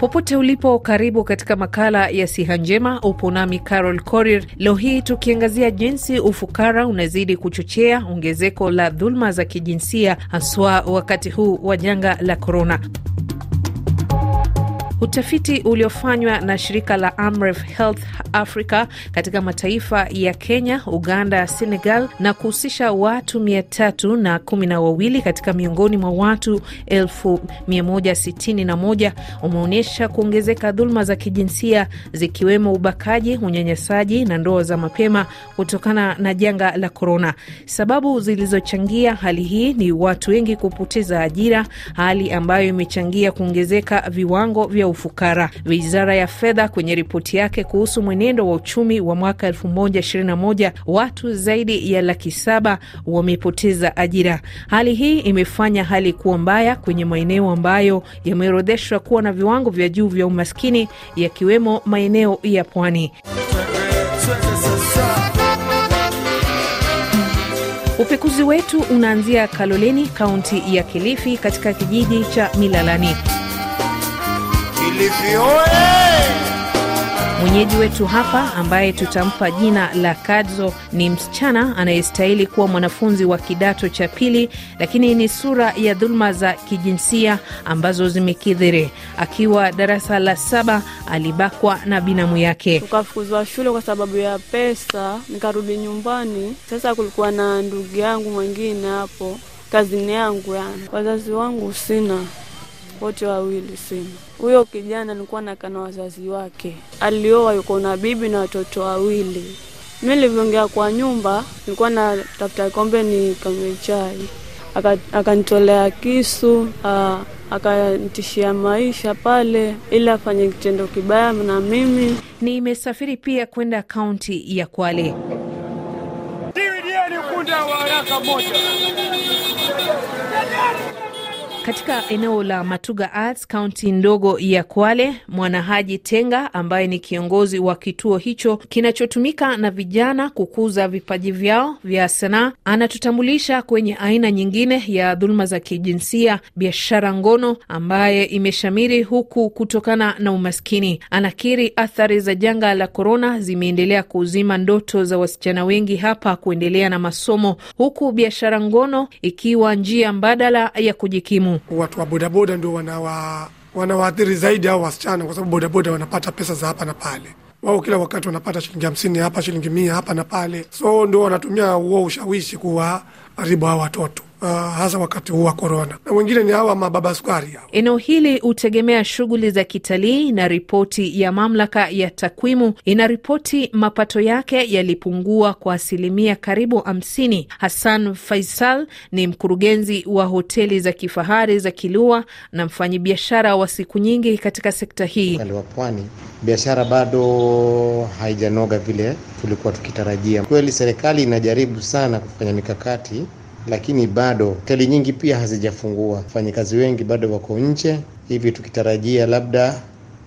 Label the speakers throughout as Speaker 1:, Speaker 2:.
Speaker 1: Popote ulipo, karibu katika makala ya siha njema. Upo nami Carol Korir, leo hii tukiangazia jinsi ufukara unazidi kuchochea ongezeko la dhuluma za kijinsia, haswa wakati huu wa janga la korona. Utafiti uliofanywa na shirika la Amref Health Africa katika mataifa ya Kenya, Uganda, Senegal na kuhusisha watu mia tatu na kumi na wawili katika miongoni mwa watu elfu mia moja sitini na moja umeonyesha kuongezeka dhuluma za kijinsia zikiwemo ubakaji, unyanyasaji na ndoa za mapema kutokana na janga la korona. Sababu zilizochangia hali hii ni watu wengi kupoteza ajira, hali ambayo imechangia kuongezeka viwango vya ufukara. Wizara ya fedha kwenye ripoti yake kuhusu mwenendo wa uchumi wa mwaka 2021 watu zaidi ya laki saba wamepoteza ajira. Hali hii imefanya hali kuwa mbaya kwenye maeneo ambayo yameorodheshwa kuwa na viwango vya juu vya umaskini yakiwemo maeneo ya pwani. Upekuzi wetu unaanzia Kaloleni, kaunti ya Kilifi, katika kijiji cha Milalani. Kilifi Mwenyeji wetu hapa ambaye tutampa jina la Kadzo ni msichana anayestahili kuwa mwanafunzi wa kidato cha pili, lakini ni sura ya dhuluma za kijinsia ambazo zimekithiri. Akiwa darasa la saba alibakwa na binamu yake,
Speaker 2: tukafukuzwa shule kwa sababu ya pesa, nikarudi nyumbani. Sasa kulikuwa na ndugu yangu mwingine hapo, kazini yangu, yani wazazi wangu sina wote wawili sina. Huyo kijana nilikuwa naka na wazazi wake, alioa, yuko na bibi na watoto wawili. Mi nilivyoingia kwa nyumba nilikuwa natafuta kikombe nikanywe chai, akanitolea kisu akantishia akanitishia maisha pale ili afanye kitendo kibaya na
Speaker 1: mimi. Nimesafiri pia kwenda kaunti ya Kwale.
Speaker 3: wa haraka moja
Speaker 1: katika eneo la Matuga Arts, kaunti ndogo ya Kwale, Mwanahaji Tenga ambaye ni kiongozi wa kituo hicho kinachotumika na vijana kukuza vipaji vyao vya sanaa, anatutambulisha kwenye aina nyingine ya dhuluma za kijinsia, biashara ngono ambaye imeshamiri huku kutokana na umaskini. Anakiri athari za janga la korona zimeendelea kuzima ndoto za wasichana wengi hapa kuendelea na masomo, huku biashara ngono ikiwa njia mbadala ya kujikimu mm.
Speaker 3: watu wa bodaboda ndio wanawa wanawaathiri zaidi au wasichana, kwa sababu bodaboda wanapata pesa za hapa na pale. Wao kila wakati wanapata shilingi hamsini hapa, shilingi mia hapa na pale, so ndio wanatumia huo ushawishi kuwa aribu hawa watoto uh, hasa wakati huu wa korona, na wengine ni hawa mababa sukari hawa.
Speaker 1: Eneo hili hutegemea shughuli za kitalii, na ripoti ya mamlaka ya takwimu inaripoti mapato yake yalipungua kwa asilimia karibu hamsini. Hassan Faisal ni mkurugenzi wa hoteli za kifahari za Kilua na mfanyibiashara wa siku nyingi katika sekta hii.
Speaker 3: pwani biashara bado haijanoga vile tulikuwa tukitarajia. Kweli serikali inajaribu sana kufanya mikakati lakini bado hoteli nyingi pia hazijafungua, wafanyakazi wengi bado wako nje, hivi tukitarajia labda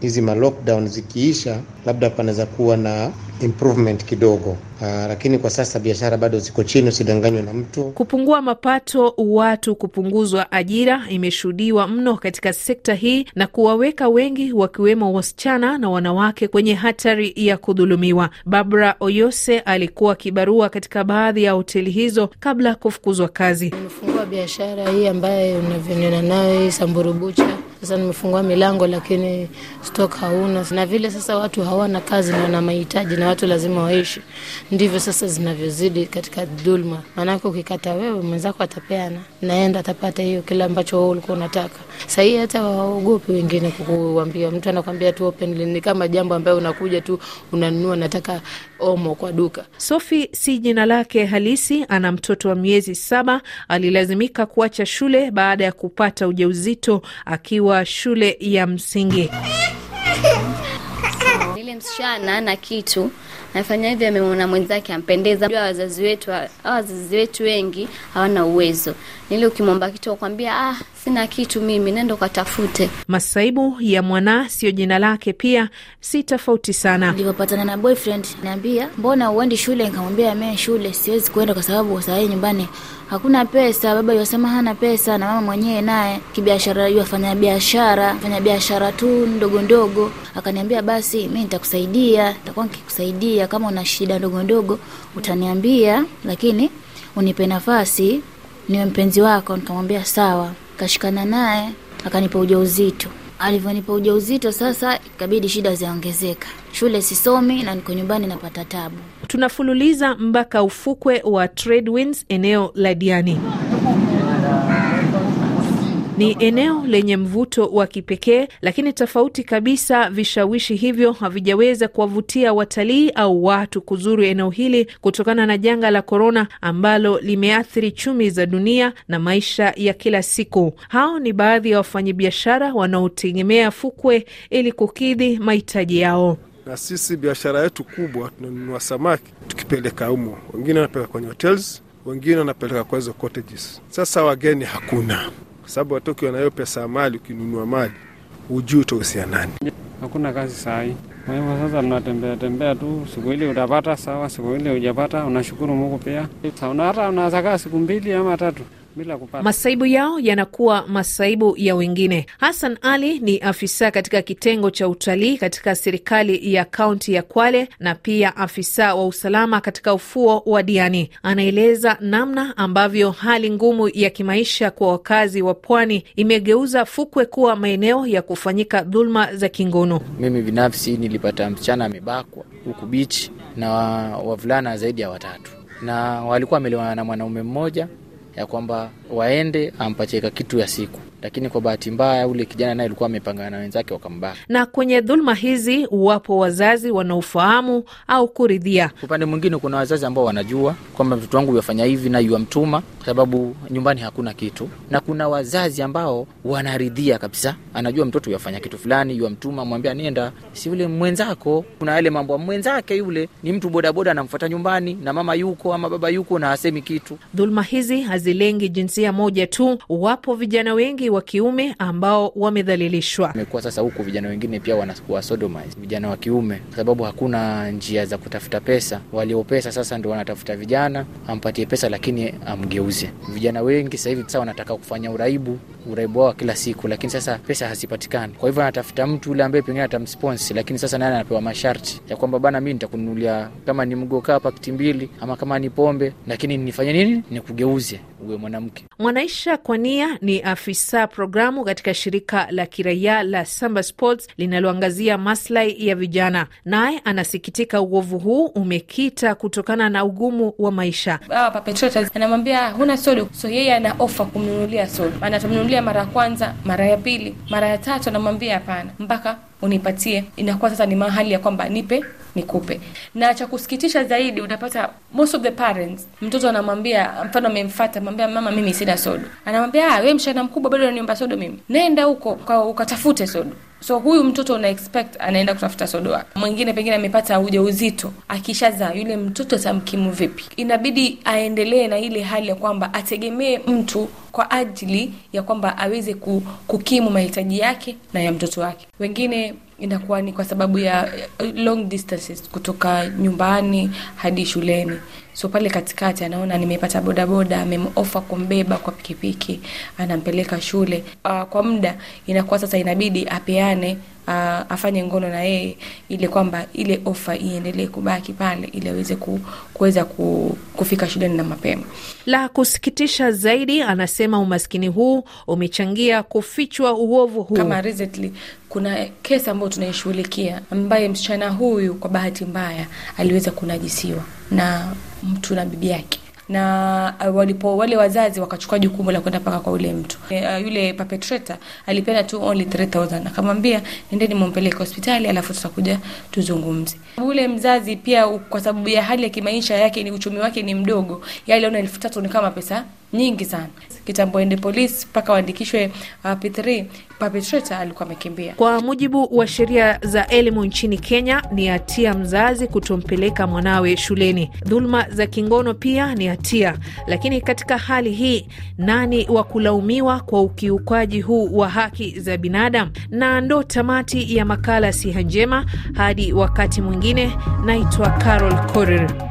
Speaker 3: hizi ma lockdown zikiisha, labda panaweza kuwa na improvement kidogo. Uh, lakini kwa sasa biashara bado ziko chini, usidanganywe na mtu.
Speaker 1: Kupungua mapato, watu kupunguzwa ajira imeshuhudiwa mno katika sekta hii na kuwaweka wengi wakiwemo wasichana na wanawake kwenye hatari ya kudhulumiwa. Barbara Oyose alikuwa kibarua katika baadhi ya hoteli hizo kabla kufukuzwa kazi. Nimefungua biashara hii ambayo unavyonena nayo hii samburubucha sasa nimefungua milango, lakini stok hauna, na vile sasa
Speaker 2: watu hawana kazi na wana mahitaji, na watu lazima waishi. Ndivyo sasa zinavyozidi katika dhulma, maanake ukikata wewe, mwenzako atapeana, naenda atapata hiyo kile ambacho wewe ulikuwa
Speaker 1: unataka. Sahii hata waogopi wengine kukuambia, mtu anakwambia tu openly, ni kama jambo ambayo unakuja tu unanunua, nataka omo kwa duka. Sofi si jina lake halisi, ana mtoto wa miezi saba, alilazimika kuacha shule baada ya kupata ujauzito akiwa wa shule ya msingi.
Speaker 2: Ile msichana na kitu nafanya hivyo, amemwona mwenzake ampendeza. Wazazi wetu
Speaker 1: wazazi wetu wengi hawana uwezo Nili ukimwomba kitu wakwambia ah, sina kitu mimi, nenda ukatafute. Masaibu ya mwana sio jina lake, pia si tofauti sana. Nilipopatana na boyfriend, niambia mbona uendi shule? Nikamwambia mimi shule siwezi kuenda
Speaker 2: kwa sababu sahii nyumbani hakuna pesa. Baba yasema hana pesa, na mama mwenyewe naye kibiashara, yeye afanya biashara, fanya biashara tu ndogo ndogo. Akaniambia basi, mimi nitakusaidia, nitakuwa nikikusaidia kama una shida ndogo ndogo utaniambia, lakini unipe nafasi niwe mpenzi wako. Nikamwambia sawa, kashikana naye akanipa ujauzito alivyonipa ujauzito sasa, ikabidi shida ziongezeka, shule sisomi na niko nyumbani napata tabu.
Speaker 1: Tunafululiza mpaka ufukwe wa winds eneo la Diani. Ni eneo lenye mvuto wa kipekee, lakini tofauti kabisa, vishawishi hivyo havijaweza kuwavutia watalii au watu kuzuru eneo hili kutokana na janga la korona ambalo limeathiri chumi za dunia na maisha ya kila siku. Hao ni baadhi ya wafanyabiashara wanaotegemea fukwe ili kukidhi mahitaji yao.
Speaker 3: Na sisi biashara yetu kubwa tunanunua samaki tukipeleka humo, wengine wanapeleka kwenye hotels, wengine wanapeleka kwa hizo cottages. Sasa wageni hakuna kwa sababu watoki wanayo pesa ya mali, ukinunua mali hujui utahusia nani. Hakuna kazi saa kwa hivyo sasa mnatembea tembea tu, siku ile utapata sawa, siku ile ujapata unashukuru Mungu pia. Hata unaweza kaa siku mbili ama tatu bila kupata.
Speaker 1: Masaibu yao yanakuwa masaibu ya wengine. Hassan Ali ni afisa katika kitengo cha utalii katika serikali ya kaunti ya Kwale na pia afisa wa usalama katika ufuo wa Diani. Anaeleza namna ambavyo hali ngumu ya kimaisha kwa wakazi wa pwani
Speaker 3: imegeuza fukwe kuwa maeneo ya kufanyika dhuluma za kingono. Mimi binafsi nilipata msichana amebakwa huku bichi na wavulana zaidi ya watatu, na walikuwa wamelewana na mwanaume mmoja ya kwamba waende ampacheka kitu ya siku lakini kwa bahati mbaya ule kijana naye alikuwa amepangana na wenzake wakambaka.
Speaker 1: Na kwenye dhuluma hizi wapo
Speaker 3: wazazi wanaofahamu au kuridhia. Upande mwingine, kuna wazazi ambao wanajua kwamba mtoto wangu yafanya hivi na yuamtuma, kwa sababu nyumbani hakuna kitu, na kuna wazazi ambao wanaridhia kabisa, anajua mtoto yafanya kitu fulani, yuamtuma, mwambia nenda, si yule mwenzako. Kuna yale mambo mwenzake yule ni mtu bodaboda, anamfuata nyumbani na mama yuko ama baba yuko na hasemi kitu.
Speaker 1: Dhuluma hizi hazilengi jinsia moja tu, wapo vijana wengi wa kiume
Speaker 3: ambao wamedhalilishwa. Imekuwa sasa huku vijana wengine pia wanakuwa sodomized, vijana wa kiume, kwa sababu hakuna njia za kutafuta pesa. Waliopesa sasa ndo wanatafuta vijana, ampatie pesa lakini amgeuze. Vijana wengi sasa hivi sasa wanataka kufanya uraibu, uraibu wao kila siku, lakini sasa pesa hazipatikani. Kwa hivyo anatafuta mtu yule ambaye pengine atamsponsi, lakini sasa naye anapewa masharti ya kwamba bana, mi nitakununulia kama ni mgokaa pakiti mbili ama kama ni pombe, lakini nifanye nini, nikugeuze uwe mwanamke.
Speaker 1: Mwanaisha Kwania ni afisa programu katika shirika la kiraia la Samba Sports linaloangazia maslahi ya vijana, naye anasikitika uovu huu umekita kutokana na ugumu wa maisha. Hawa papetrota anamwambia huna sodo, so yeye ana ofa kumnunulia sodo, anatumnunulia mara ya kwanza,
Speaker 2: mara ya pili, mara ya tatu, anamwambia hapana, mpaka unipatie. Inakuwa sasa ni mahali ya kwamba nipe nikupe. Na cha kusikitisha zaidi, unapata most of the parents, mtoto anamwambia, mfano amemfata, mwambia mama, mimi sina sodo, anamwambia ah, we mshana mkubwa bado unaniomba sodo, mimi naenda huko kwa ukatafute sodo. So huyu mtoto una expect anaenda kutafuta sodo wake. Mwingine pengine amepata ujauzito, akishazaa yule mtoto atamkimu vipi? Inabidi aendelee na ile hali ya kwamba ategemee mtu kwa ajili ya kwamba aweze kukimu mahitaji yake na ya mtoto wake. Wengine inakuwa ni kwa sababu ya long distances kutoka nyumbani hadi shuleni. So pale katikati anaona nimepata bodaboda, amemofa kumbeba kwa pikipiki, anampeleka shule. Uh, kwa muda inakuwa sasa inabidi apeane uh, afanye ngono na yeye ili kwamba ile ofa iendelee kubaki pale ili aweze ku, kuweza ku, kufika shuleni na mapema.
Speaker 1: La kusikitisha zaidi, anasema umaskini huu umechangia kufichwa uovu huu. Kama recently kuna kesi ambayo tunaishughulikia ambaye msichana
Speaker 2: huyu kwa bahati mbaya aliweza kunajisiwa na mtu na bibi yake na uh, walipo wale wazazi wakachukua jukumu la kwenda mpaka kwa ule mtu e, uh, yule papetreta alipenda tu only 3000 akamwambia nendeni mumpeleke hospitali alafu tutakuja tuzungumze ule mzazi pia kwa sababu ya hali ya kimaisha yake ni uchumi wake ni mdogo yaliona elfu tatu ni kama pesa nyingi sana kitambo ende polisi mpaka waandikishwe uh, P3 perpetrator alikuwa amekimbia.
Speaker 1: Kwa mujibu wa sheria za elimu nchini Kenya, ni hatia mzazi kutompeleka mwanawe shuleni. Dhuluma za kingono pia ni hatia, lakini katika hali hii nani wa kulaumiwa kwa ukiukaji huu wa haki za binadamu? Na ndo tamati ya makala Siha Njema. Hadi wakati mwingine, naitwa Carol Korir.